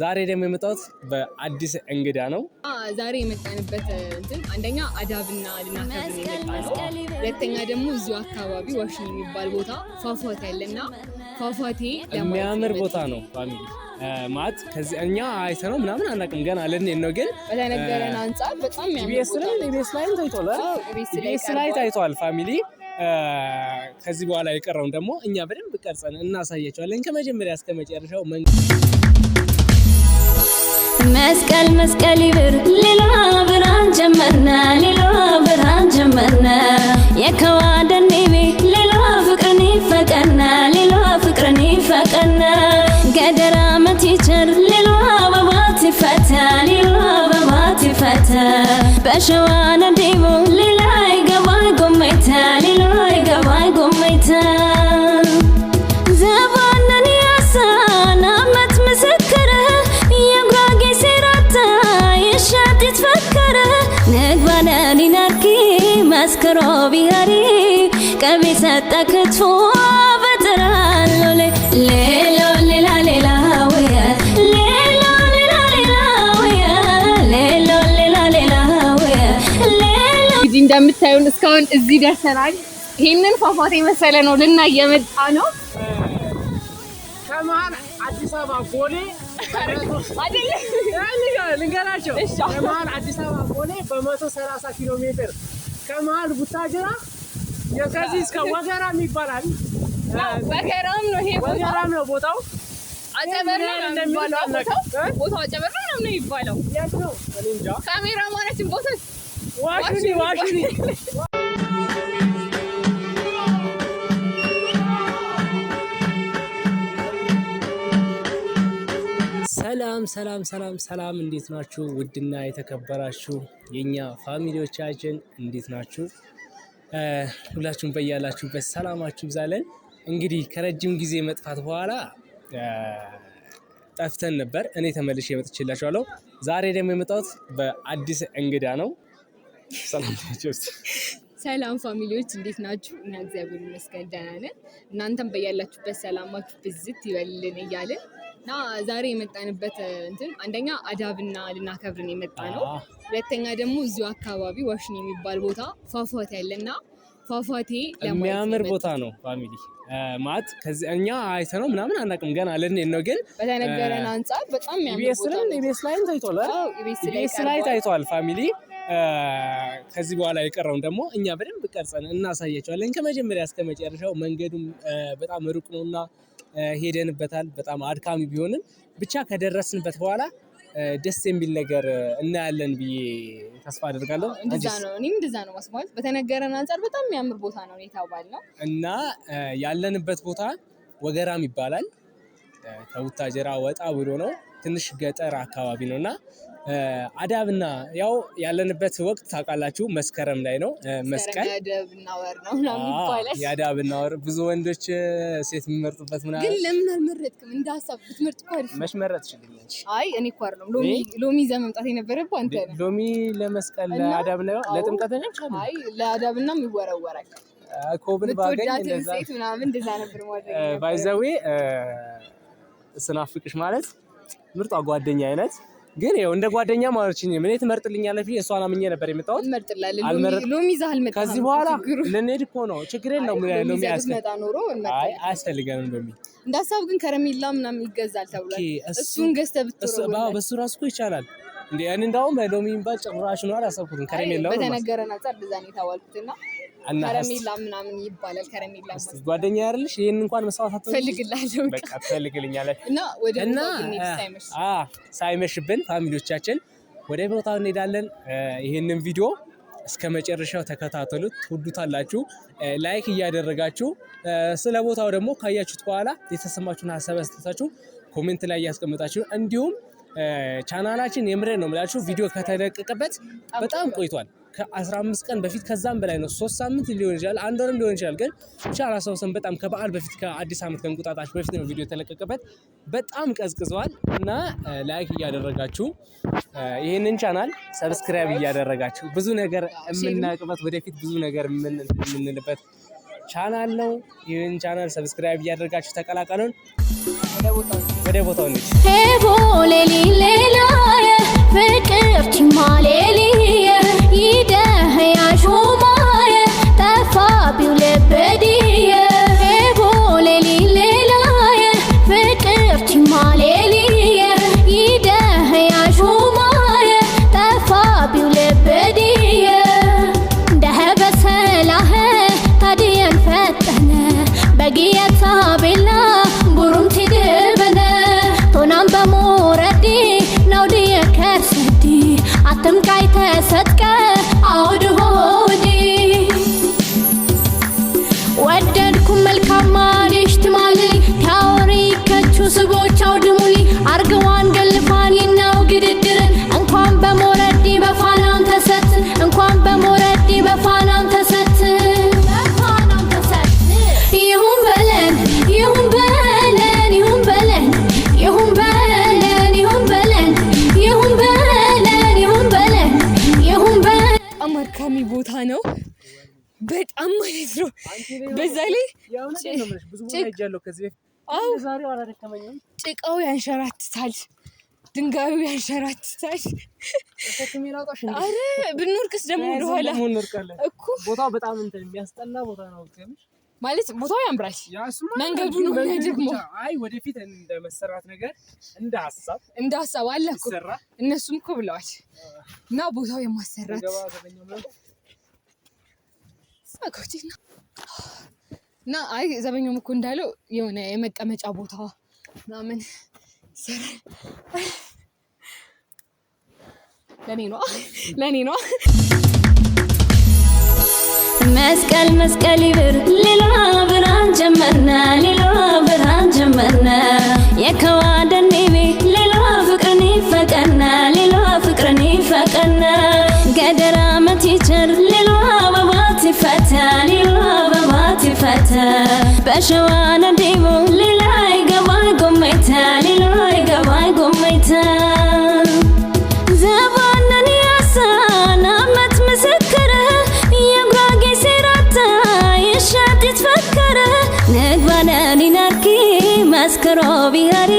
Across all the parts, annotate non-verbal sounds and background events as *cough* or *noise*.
ዛሬ ደግሞ የመጣሁት በአዲስ እንግዳ ነው። ዛሬ የመጣንበት እንትን አንደኛ አዳብና ልናከብር የመጣ ሁለተኛ ደግሞ እዚሁ አካባቢ ዋሽ የሚባል ቦታ ፏፏቴ ያለና ፏፏቴ የሚያምር ቦታ ነው። ፋሚሊ ማት ከዚህ እኛ አይተነው ምናምን አናውቅም ገና ልንሄድ ነው፣ ግን በተነገረን አንጻር በጣም ኢቢኤስ ላይም ታይቷል፣ ኢቢኤስ ላይ ታይቷል። ፋሚሊ ከዚህ በኋላ የቀረውን ደግሞ እኛ በደንብ ቀርጸን እናሳያቸዋለን ከመጀመሪያ እስከ መጨረሻው መንገድ መስቀል መስቀል ይብር ሌላ ብርሃን ጀመርነ ሌላ ብርሃን ጀመርነ የከዋደን ቤ ሌላ ፍቅርን ይፈቀነ ሌላ ፍቅርን ይፈቀነ ገደራ መቲቸር ሌላ አበባት ይፈተ ሌላ አበባት ይፈተ በሸዋ ነዴቦ ሌላ ይገባ ጎመይተ ሌላ ይገባ ጎመይተ መስክሮ ቢኸሪ ቀሚ ሰጠ ክትፎ ሌሎ ሌላ ሌላ እንደምታዩን እስካሁን እዚህ ደርሰናል። ይህንን ፏፏቴ መሰለ ነው ልና እየመጣ ነው ከመሀል አዲስ አበባ ቦሌ ልንገራቸው ከመሀል አዲስ አበባ ቦሌ በመቶ ሰላሳ ኪሎ ሜትር ከመሀል ቡታጅራ ከዚህ እስከ ወገራም ይባላል። ወገራም ነው ይሄ ወገራም ነው ቦታው። አጨበር ነው የሚባለው ቦታው አጨበር ነው ነው የሚባለው። ካሜራ ማለችን ቦታ ዋሽኒ ዋሽኒ ሰላም ሰላም ሰላም ሰላም፣ እንዴት ናችሁ? ውድና የተከበራችሁ የኛ ፋሚሊዎቻችን እንዴት ናችሁ? ሁላችሁም በያላችሁበት ሰላማችሁ ይብዛለን። እንግዲህ ከረጅም ጊዜ መጥፋት በኋላ ጠፍተን ነበር። እኔ ተመልሼ መጥቼላችኋለሁ። ዛሬ ደግሞ የመጣሁት በአዲስ እንግዳ ነው። ሰላም ፋሚሊዎች እንዴት ናችሁ? እና እግዚአብሔር ይመስገን ደህና ነን። እናንተም በያላችሁበት ሰላማችሁ ብዝት ይበልልን እያልን እና ዛሬ የመጣንበት እንትን አንደኛ አዳብና ልናከብርን የመጣ ነው። ሁለተኛ ደግሞ እዚሁ አካባቢ ዋሽን የሚባል ቦታ ፏፏቴ ያለና ፏፏቴ የሚያምር ቦታ ነው። ፋሚሊ ማት ከዚህ እኛ ነው ምናምን አናውቅም ገና ልንሄድ ነው፣ ግን በተነገረን አንጻር በጣም ኢቢኤስ ላይ ታይቷል። ኢቢኤስ ላይ ታይቷል። ፋሚሊ ከዚህ በኋላ የቀረውን ደግሞ እኛ በደንብ ቀርጸን እናሳያቸዋለን። ከመጀመሪያ እስከ መጨረሻው መንገዱም በጣም ሩቅ ነውና ሄደንበታል። በጣም አድካሚ ቢሆንም ብቻ ከደረስንበት በኋላ ደስ የሚል ነገር እናያለን ብዬ ተስፋ አደርጋለሁ። እንደዛ ነው፣ እኔም እንደዛ ነው በተነገረን አንጻር በጣም የሚያምር ቦታ ነው የተባል ነው እና ያለንበት ቦታ ወገራም ይባላል። ከቡታጀራ ወጣ ብሎ ነው። ትንሽ ገጠር አካባቢ ነው እና አዳብና ያው ያለንበት ወቅት ታውቃላችሁ መስከረም ላይ ነው። መስቀል የአዳብና ወር ብዙ ወንዶች ሴት የሚመርጡበት ምናምን። ግን ለምን አልመረጥክም? እንደ ሀሳብ ብትመርጥ እኮ አሪፍ መች መረጥ አይ እኔ እኮ አይደለም ሎሚ ይዘህ መምጣት የነበረብህ አንተ ነህ። ሎሚ ለመስቀል ለአዳብና ለጥምቀት ነች። አይ ለአዳብና ይወረወራል ኮብን ባገኝ እንደዛ ሴት ምናምን እንደዛ ነበር ማለት ባይዘዌ ስናፍቅሽ ማለት ምርጧ ጓደኛ አይነት ግን ያው እንደ ጓደኛ ማለችኝ ምን ትመርጥልኛለህ? እሷ አላምኜ ነበር የመጣሁት። መርጥላለህ ሎሚ ይዘህ ከዚህ በኋላ ልንሄድ እኮ ነው። ችግር የለውም። ሎሚ አያስፈልገንም። ሎሚ እንደ ሀሳብ ግን ከረሜላ ምናምን ይገዛል ተብሏል። እሱን ገዝተህ ብትወስድ በሱ ራሱ እኮ ይቻላል። እንደ እኔ እንዳውም ሎሚ የሚባል ጭራሽ ነው አላሰብኩትም። ከረሜላው በተነገረን አንጻር ብዛኔ ታዋልኩትና ከረሜላ ምናምን ይባላል። ከረሜላ ጓደኛ ያርልሽ ይህን እንኳን መስዋዕት ፈልግላለሁ ፈልግልኛለች እና ሳይመሽብን ፋሚሊዎቻችን ወደ ቦታው እንሄዳለን። ይህንን ቪዲዮ እስከ መጨረሻው ተከታተሉት፣ ትወዱታላችሁ። ላይክ እያደረጋችሁ ስለ ቦታው ደግሞ ካያችሁት በኋላ የተሰማችሁን ሀሳብ ያስተታችሁ ኮሜንት ላይ እያስቀመጣችሁ እንዲሁም ቻናላችን የምሬ ነው የምላችሁ ቪዲዮ ከተለቀቀበት በጣም ቆይቷል። ከ15 ቀን በፊት ከዛም በላይ ነው። ሶስት ሳምንት ሊሆን ይችላል፣ አንድ ወርም ሊሆን ይችላል። ግን ብቻ ሰን በጣም ከበዓል በፊት ከአዲስ ዓመት ከእንቁጣጣች በፊት ነው ቪዲዮ የተለቀቀበት። በጣም ቀዝቅዘዋል እና ላይክ እያደረጋችሁ ይህንን ቻናል ሰብስክራይብ እያደረጋችሁ ብዙ ነገር የምናቅበት ወደፊት ብዙ ነገር የምንልበት ቻናል ነው። ይህን ቻናል ሰብስክራይብ እያደረጋችሁ ተቀላቀሉን። ወደ ቦታው እንሂድ። صرت مالي لي يده يا جمال ተሰጥቀ ሄጃለሁ ከዚህ በፊት። ዛሬ ጭቃው ያንሸራትታል፣ ድንጋዩ ያንሸራትታል። አረ ብንወርቅስ ደግሞ ወደኋላ እኮ ቦታው በጣም እንትን የሚያስጠላ ቦታ ነው ማለት ቦታው ያምራል። መንገዱ ነው ደግሞ አይ ወደፊት እንደ መሰራት ነገር እንደ ሀሳብ እንደ ሀሳብ አለ እኮ እነሱም እኮ ብለዋል። እና ቦታው የማሰራት እና አይ ዘበኛውም እኮ እንዳለው የሆነ የመቀመጫ ቦታ ምናምን ለኔ ነ ለኔ ነ መስቀል መስቀል ይብር ሌላ ብርሃን ጀመርና ሌላ ብርሃን ጀመርና የከዋደን ቤ ሌላ ፍቅርን ይፈቀና ሌላ ፍቅርን ይፈቀና ገደ ሸዋና ዲሞ ሌላይ ገባይ ጎመይታ ሌላይ ገባይ ጎመይታ ዘባነን ያሳን አመት ምስክረ የጉራጌ ሴራታ የሻጢት ፈከረ ነግባነን ናርኪ መስከሮ ቢሃሪ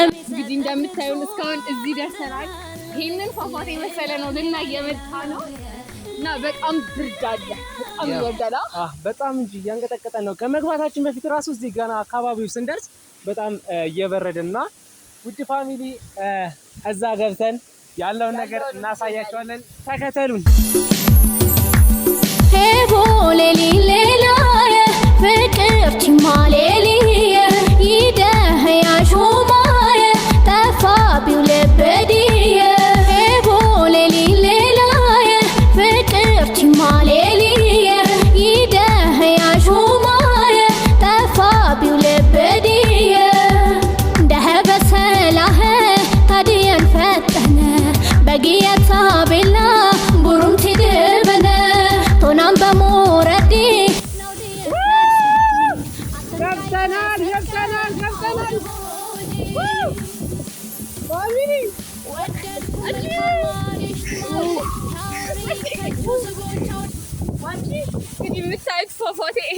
እንግዲህ እንደምታዩን እስካሁን እዚህ ደርሰናል። ይህንን ፏፏቴ መሰለ ነው ልና ነው እና በጣም ብርድ በጣም ይወርዳል። አህ በጣም እንጂ እያንቀጠቀጠን ነው። ከመግባታችን በፊት ራሱ እዚህ ገና አካባቢው ስንደርስ በጣም እየበረደና ውድ ፋሚሊ እዛ ገብተን ያለውን ነገር እናሳያቸዋለን። ተከተሉን።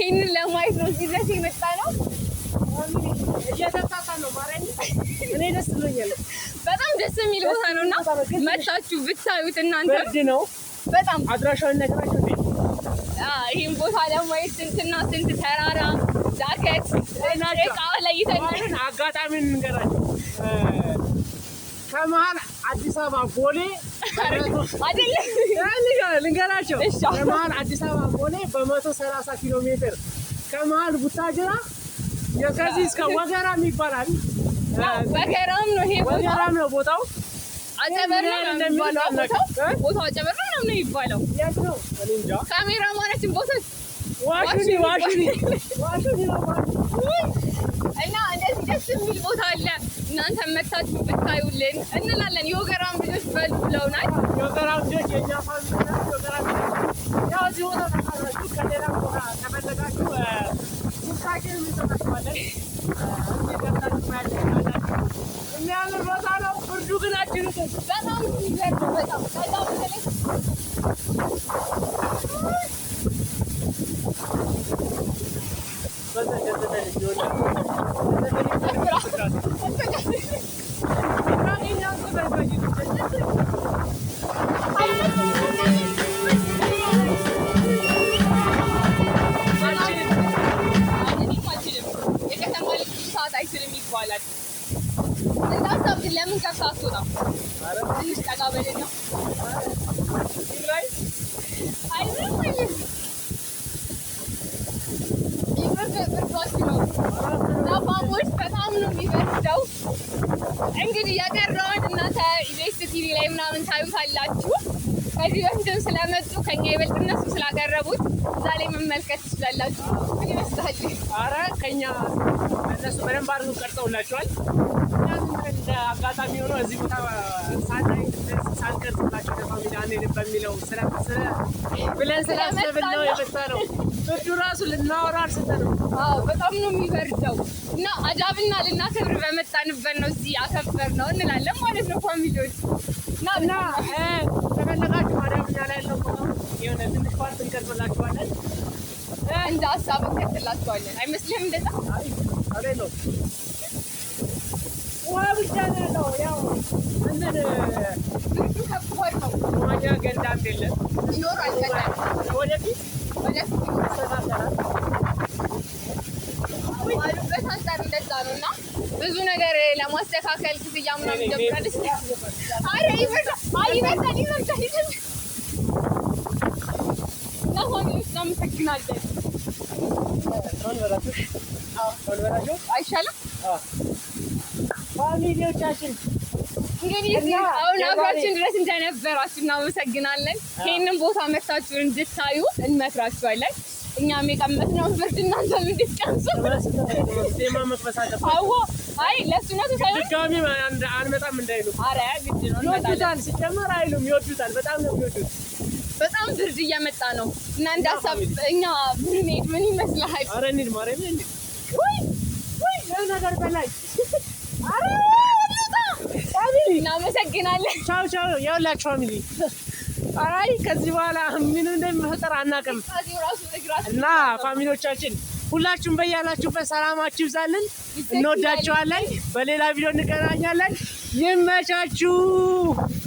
ይህንን ለማየት ነው እዚህ ድረስ የመጣ ነው። እኔ ደስ ብሎኛል። በጣም ደስ የሚል ቦታ ነው እና መታችሁ ብታዩት እናንተ ነው በጣም አድራሻውን ነገራችሁ። ይህን ቦታ ለማየት ስንትና ስንት ተራራ ዳገት ቃ ለይተን አጋጣሚ እንገራለን ከመሀል አዲስ አበባ ቦሌ ልንገራቸው የመሀል አዲስ አበባ ቦሌ በመቶ ሰላሳ ኪሎ ሜትር ከመሀል ቡታጅራ ከዚህ እስከ ወገራም ይባላል። ወገራም ነው ይሄ ወገራም ነው ቦታው ቦታ *laughs* እና እንደዚህ ደስ የሚል ቦታ አለ። እናንተ መታችሁ ብታዩልን እንላለን ጓደኞች በሉ ብለውናል። የሚያምር ቦታ ነው። ብርዱ ግን አጅሩት በጣም በጣም በኋላችን እንዳሳብድን ለምን ከፍታ አትወጣም? ትንሽ ጠጋ በልና ነው እንግዲህ የቀረውን እናንተ ኢቤስ ቲቪ ላይ ምናምን ታዩታላችሁ። ከዚህ በፊትም ስለመጡ ከኛ ይበልጥ እነሱ ስላቀረቡት ላይ መመልከት ትችላላችሁ። ምን ይመስላል? አረ ከኛ እነሱ በደንብ አድርገው ቀርጸውላችኋል። እንደ አጋጣሚ ሆኖ እዚህ ቦታ ሳናይ ሳንቀርጽላቸው ለፋሚሊ አንሄድም በሚለው ብለን ስላሰብን ነው የመጣ ነው። ብርዱ ራሱ ልናወራ አልሰጠንም። በጣም ነው የሚበርደው እና አዳብና ልናከብር በመጣንበት ነው እዚህ አከበር ነው እንላለን ማለት ነው ፋሚሊዎች እና ተፈለጋችሁ ደረጃ ላይ ያለው የሆነ ትንሽ ፓርት እንቀርብላችኋለን፣ እንደ ሀሳብ እንከትላችኋለን። አይመስልህም? እንደዛ ውሃ ብቻ ነው ያለው። ያው እንትን ምንዱ ከብሆን ነው መዋኛ ገንዳ የለም። ይኖራል ወደፊት ወደፊት ይሰራሰራል ባሉበት አንጻር እንደዛ ነው እና ብዙ ነገር ለማስተካከል ክፍያ ምናምን ጀምራለች። አረ ይበርታል፣ ይበርታል፣ ይበርታል እናመሰግናለን። አይሻልም? ፋሚሊዎቻችን አሁን አብራችን ድረስ እንደነበራችሁ እናመሰግናለን። ይህንን ቦታ መታችሁ እንድታዩ እንመክራችኋለን። እኛም የቀመስነውን ብርድ እናንተም እንድትቀምሱ። አይ ለእሱ ነው ሳይሆን ድጋሚ አንመጣም እንዳይሉ፣ ኧረ ግድ ነው። ይወዱታል፣ ሲጀመር አይሉም፣ ይወዱታል። በጣም ነው የሚወዱት በጣም ብርድ እያመጣ ነው እና ሀሳብ እኛ ብሩኔድ ምን ይመስልሃል? አረ እንሂድ ማርያም ነገር በላይ እናመሰግናለን። ቻው ቻው። ያውላችሁ ፋሚሊ አይ ከዚህ በኋላ ምን እንደሚፈጠር አናውቅም እና ፋሚሊዎቻችን ሁላችሁም በያላችሁበት ሰላማችሁ ይብዛልን። እንወዳችኋለን። በሌላ ቪዲዮ እንገናኛለን። ይመቻችሁ።